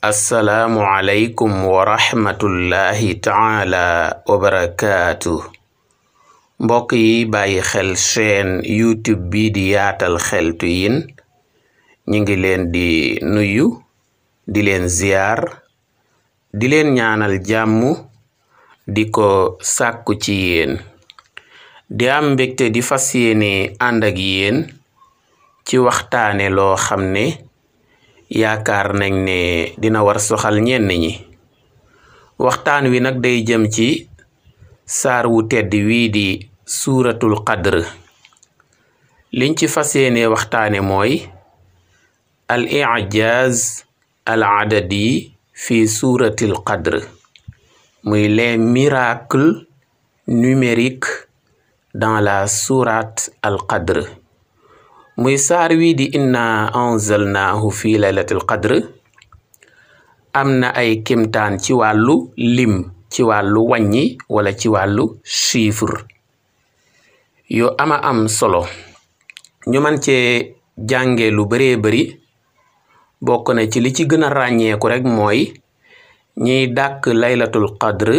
assalaamu aleykum wa rahmatullahi taala wa barakaatu mbokk yi bàyyi xel chaîne youtube bi di yaatal xeltu yin ñu ngi leen di nuyu di leen ziyaar di leen ñaanal jàmm di ko sàkku ci yéen di am mbégte di fas yéene ànd ak yéen ci waxtaane loo xam ne yaakaar nañ ne dina war soxal ñenn ñi waxtaan wi nag day jëm ci saar wu tedd wii di suuratul qadr liñ ci fas yéene waxtaane mooy al i'jaaz al adadi fi suuratil qadr muy lee miracles numériques dans la sourate al qadr muy saar wii di inna anzalnaahu fi laylatil qadr am na ay kimtaan ci wàllu lim ci wàllu wàññi wala ci wàllu chiffre yu ama am solo ñu man cee jànge lu bëree bari bokk na ci li ci gën a ràññeeku rekk mooy ñiy dàkk laylatul qadr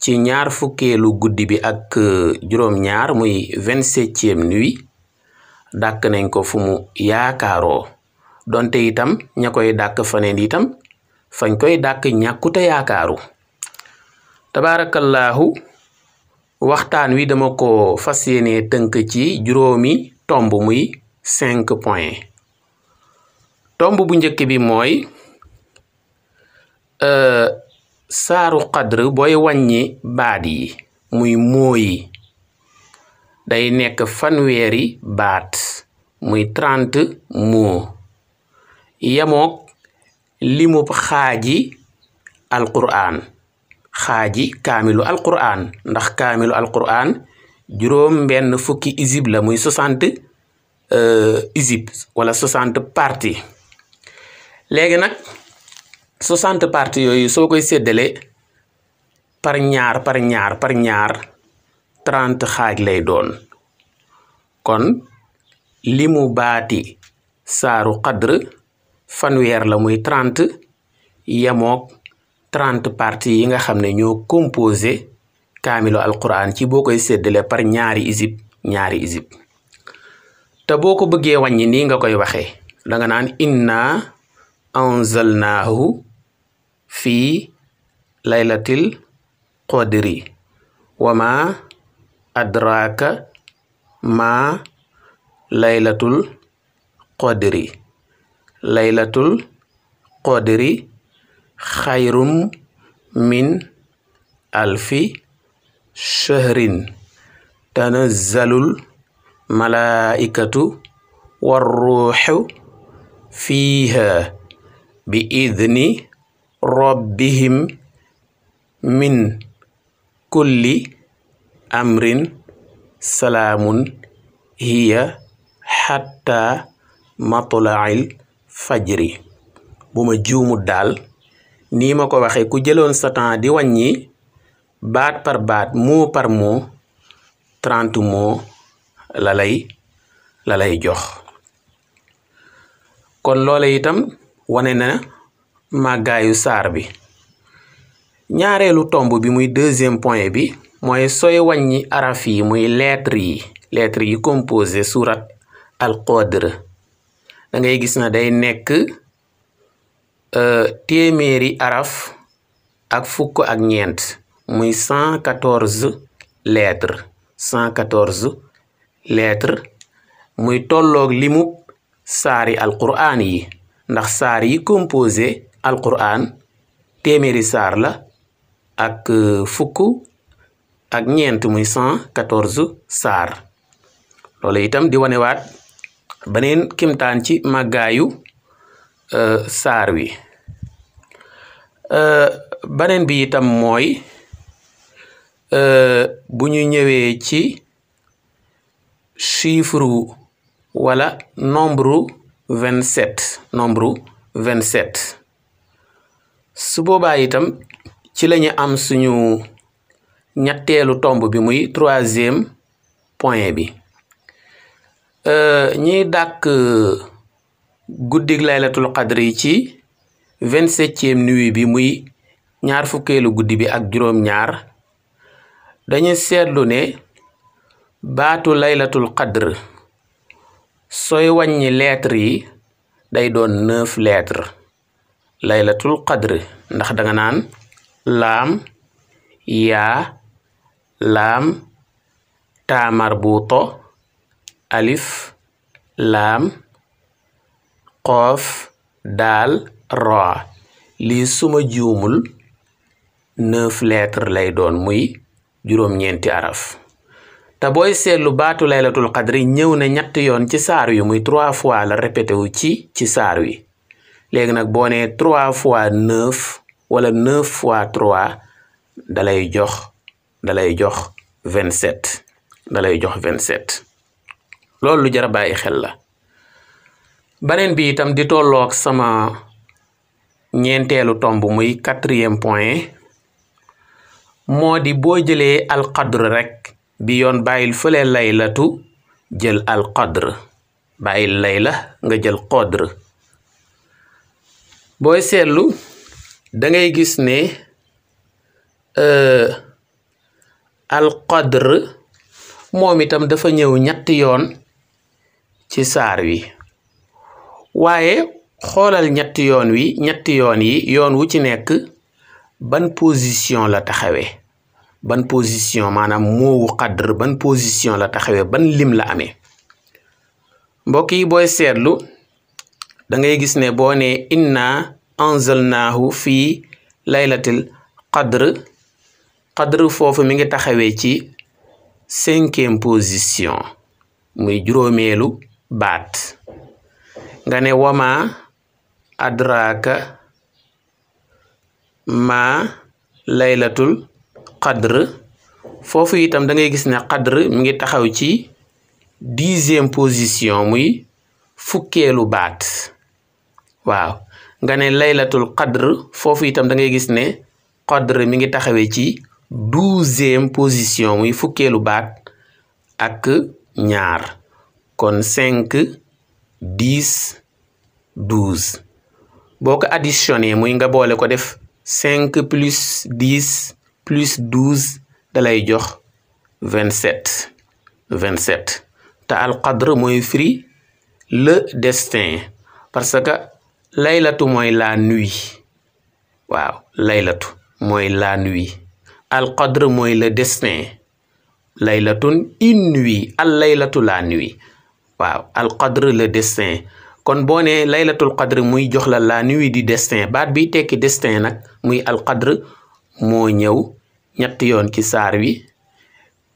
ci ñaar fukkeelu guddi bi ak eh, juróom-ñaar muy vingt-septième nuit dàkk nañ ko fu mu yaakaaroo donte itam ña koy dàkk faneen itam fañ koy dàkk ñàkkute yaakaaru tabaarakallaahu waxtaan wi dama ko fas yéene tënk ci juróomi tomb muy cinq point tomb bu njëkk bi mooy euh, saaru xadr booy wàññi baat yi muy mooyi day nekk fanweeri baat muy trente mots yemook limub xaaji alqur'an xaaji kaamilu alqur'an ndax kaamilu alqur'an juróom benn fukki isib la muy soixante euh, isib wala soixante parties léegi nag soixante partie yooyu soo koy séddale par ñaar par ñaar par ñaar trente xaaj lay doon kon limu baati saaru xadr fanweer la muy trente yemook trente parties yi nga xam ne ñoo composé kaamilu alquran ci boo koy séddale par ñaari isib ñaari te boo ko bëggee wàññi nii nga koy waxee danga naan inna anzalnaahu fii laylatil qadri wama adraka ma laylatul qadri laylatul qadri xayrum min alfi shahrin tanazzalul malaikatu warruuxu fiiha bi idni rabbihim min kulli amrin salaamun hiya xatta matlail fajri bu ma juumu daal ni ma ko waxee ku jëloon sa di waññi baat par baat mot par mot trente mot la lay la lay jox kon loole itam wane na màggaayu saar bi ñaareelu tomb bi muy deuxième point bi mooy sooy wàññi araf yi muy lettre yi lettre yi composé surat al qadr da ngay gis na day nekk euh, téeméeri araf ak fukk ak ñeent muy cent quatorze lettres cent quatorze lettres muy tolloog limub saari alqur'an yi ndax saar yi composé alqur'an téeméeri saar la ak euh, fukk ak ñeent muy cent quatorze saar loolu itam di wanewaat beneen kimtaan ci màggaayu euh, saar wi euh, beneen bi itam mooy euh, bu ñu ñëwee ci chiffre wala nombre vingt sept nombre vingt sept su boobaa itam ci lañu am suñu ñetteelu tomb bi muy troisième point bi euh, ñiy dàkk euh, guddig laylatul yi ci vingt-septième nuit bi muy ñaar fukkeelu guddi bi ak juróom-ñaar dañu seetlu ne baatu laylatul qadr sooy wàññi lettre yi day doon neuf lettre laylatul qadr ndax danga naan laam yaa laam taa marbuto alif laam qoof daal raa li suma juumul neuf lettres lay doon muy juróom-ñeenti araf te booy seetlu baatu laylatul qadri ñëw na ñett yoon ci saar wi muy trois fois la répété ci ci saar wi léegi nag boo nee trois fois neuf wala neuf fois trois dalay jox dalay jox vingt sept dalay jox vingt sept loolu lu jar a bàyyi xel la beneen bi itam di tolloog sama ñeenteelu tomb muy quatrième point moo di boo jëlee alqadr rek bi yoon bàyyil layla laylatu jël alqadr bàyyil layla nga jël qadr booy seetlu da ngay gis ne. Euh, alqadr moom itam dafa ñëw ñett yoon ci saar wi waaye xoolal ñett yoon wi ñetti yoon yi yoon wu ci nekk ban position la taxawee ban position maanaam moowu qadr ban position la taxawee ban lim la amee mbokk yi booy seetlu dangay gis ne boo ne inna anzalnaahu fii laylatil qadr qadr foofu mi ngi taxawee ci cinquième position muy juróomeelu baat nga ne wama adraka ma laylatul qadr foofu itam da ngay gis ne qadr mi ngi taxaw ci dixième position muy fukkeelu baat waaw nga ne laylatul qadr foofu itam da ngay gis ne qadr mi ngi taxawee ci douzième position muy fukkeelu baat ak ñaar kon cinq dix douze boo ko additionné muy nga boole ko def cinq plus dix plus douze dalay jox vingt sept vingt sept te alqadr mooy fri le destin parce que laylatu mooy la nuit waaw laylatu mooy la nuit alqadr mooy la destin laylatun une nuit al laylatu la nuit waaw alqadr la destin kon boo ne laylatul qadr muy jox la la nuit di destin baat bi tekki destin nag muy alqadr moo ñëw ñett yoon ci saar wi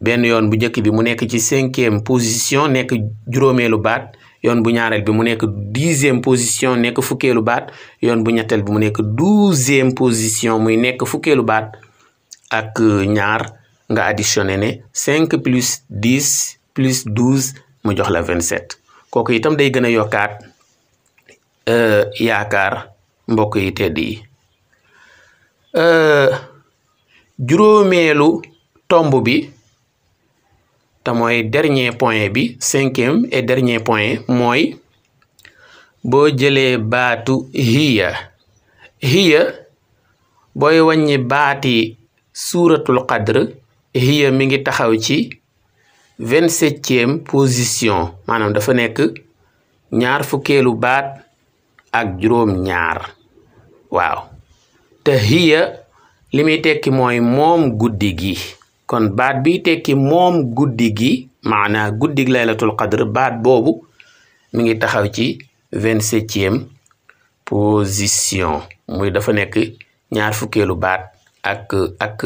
benn yoon bu njëkk bi mu nekk ci cinquième position nekk juróomeelu baat yoon bu ñaareel bi mu nekk dixième position nekk fukkeelu baat yoon bu ñetteel bi mu nekk douzième position muy nekk fukkeelu baat ak euh, ñaar nga additionné ne cinq plus dix plus douze mu jox la vingt sept kooku itam day gën a yokkaat euh, yaakaar mbokk yi tedd yi euh, juróomeelu tomb bi te mooy dernier point bi cinquième et dernier point mooy boo jëlee baatu hiya hiya booy wàññi baati suuratul qadr hiya mi ngi taxaw ci vingt-septième position maanaam dafa nekk ñaar fukkeelu baat ak juróom ñaar waaw te hiya li muy tekki mooy moom guddi gi kon baat bi tekki moom guddi gi maanaa guddi laylatul qadr baat boobu mi ngi taxaw ci vingt-septième position muy dafa nekk ñaar fukkeelu baat ak ak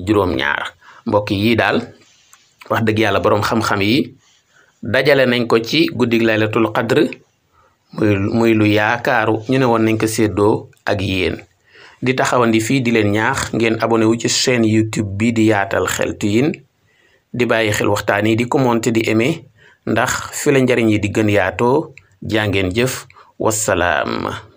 juróom-ñaar mbokk yi daal wax dëgg yàlla boroom xam-xam yi dajale nañ ko ci guddig laylatul qadr muy lu yaakaaru ñu ne woon nañ ko séddoo ak yéen di taxawandi fii di leen ñaax ngeen abonné wu ci chaîne YouTube bi di yaatal xeltu yin di bàyyi xel waxtaan yi di commenter di aimer ndax fi la njariñ yi di gën yaatoo jàngeen jëf wasalaam